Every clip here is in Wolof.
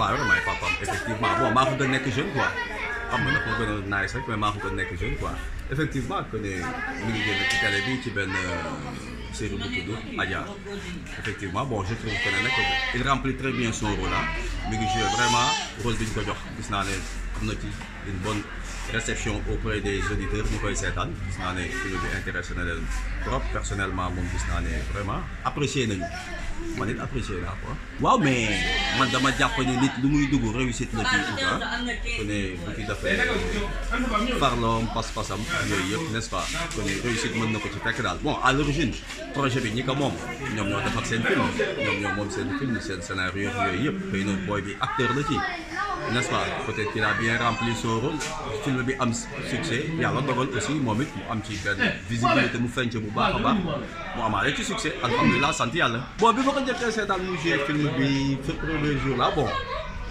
Bara maay papaam effectivement bon maa ko gën nekk jeune quoi xam nga dafa gën a nice rek mais maa ko gën nekk jeune quoi effectivement que ne mi ngi génn ci télé bi ci benn série bu tudd Adja effectivement bon je trouve que ne nag il remplit très bien son rôle là mi ngi joué vraiment rôle bi ñu ko jox gis naa ne. am na ci une bonne réception auprès des auditeurs ñu koy seetaan gis naa ne film bi intéressé na leen trop personnellement moom gis naa ne vraiment apprécié nañu man it apprécié naa quoi. waaw mais man dama jàpp ne nit lu muy dugg réussite na ci oubien que ne bu ci defee farloom pas-pasam yooyu yëpp n'est-ce pas que ne réussite mën na ko ci fekk daal bon à l'origine projet bi ñi ko moom ñoom ñoo def ak seen film ñoom ñoo moom seen film seen scénario yooyu yëpp xëy na booy bi acteur la ci. n'est-ce pas peut-être qu'il a bien rempli son rôle film bi am succès yàlla dogal aussi moom it mu am ci benn visibilité mu feeñ bu baax a baax mu amaale ci succès alhamdulilah sant yàlla. bon bi ma ko njëkkee seetaan mu joué film bi ce premier jour là bon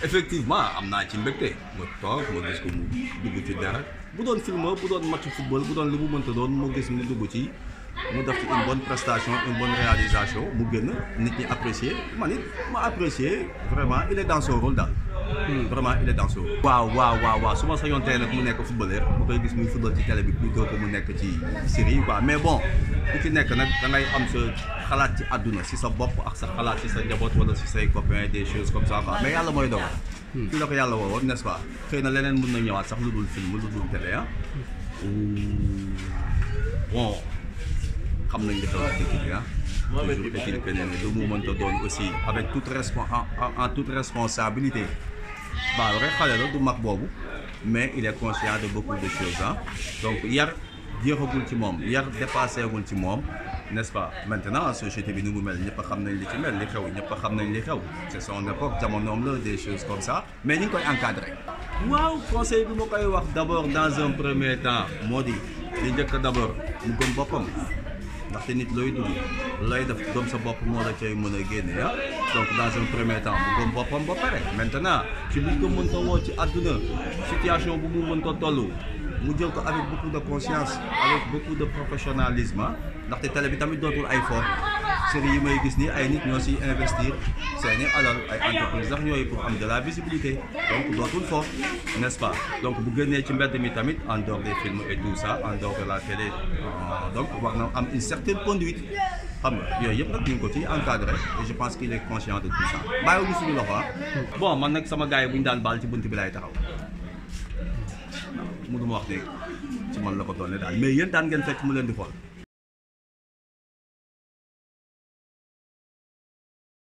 effectivement am naa ci mbégte ma toog ma gis ko mu dugg ci dara bu doon film bu doon match football bu doon li mu mënta doon ma gis mu dugg ci. mu def ci une bonne prestation une bonne réalisation mu gën nit ñi apprécier ma apprécier vraiment il est dans son Hmm. vraiment waaw waaw waaw waaw su ma sañoon tey nag mu nekk footballeur ma koy gis muy football ci télé bi plutôt que mu nekk ci série mais bon ku ci nekk nag da am sa xalaat ci àdduna si sa bopp ak sa xalaat ci sa njaboot wala si say copains des choses comme ça mais yàlla mooy dogal hmm. fii la ko yàlla woowoon n'est-ce pas xëy na leneen mën na ñëwaat sax lu dul film lu dul télé ah hmm. bon xam nañ li xew ci équipe bi ah toujours équipe beneen du mu mënta doon aussi avec toute respon waaw waxee xale la du mag boobu mais il est conscient de beaucoup de choses ah donc yar jeexagul ci moom yar dépassé gul ci moom n'est-ce pas maintenant société bi nu mu mel ñëpp xam nañ li ci mel li xew ñëpp xam nañ li xew c'est son époque jamonoom la des choses comme sa mais ñu ngi koy encadrer. waaw conseil bi ma koy wax d'abord dans un premier temps moo di li njëkk d'abord mu gëm boppam. ndaxte nit looy dund looy def gëm sa bopp moo la cay mën a génne ah donc dans un premier temps bu gëm boppam ba pare maintenant ci liñ ko mën ko woo ci àdduna situation bu mu mën ko toll mu jël ko avec beaucoup de conscience avec beaucoup de professionnalisme ah. ndaxte télé bi tamit dootul ay fort série yi may gis ni ay nit ñoo si investir seeni alal ay entreprise sax ñooyu pour am de la visibilité donc dootul foofu n'est-ce pas donc bu génnee ci mbedd mi tamit en dehors des films et tout ça en dehors de la télé euh, donc war na am une certaine conduite xam nga yooyu yëpp nag ñu ngi ko ci encadré et je pense qu'il est conscient de tout ça bàyyiwuñu suñu loxo ah. bon man nag sama gars yi bu ñu daan baal ci bunt bi lay taxaw mënuma wax dégg ci man la ko doon daal leen di xool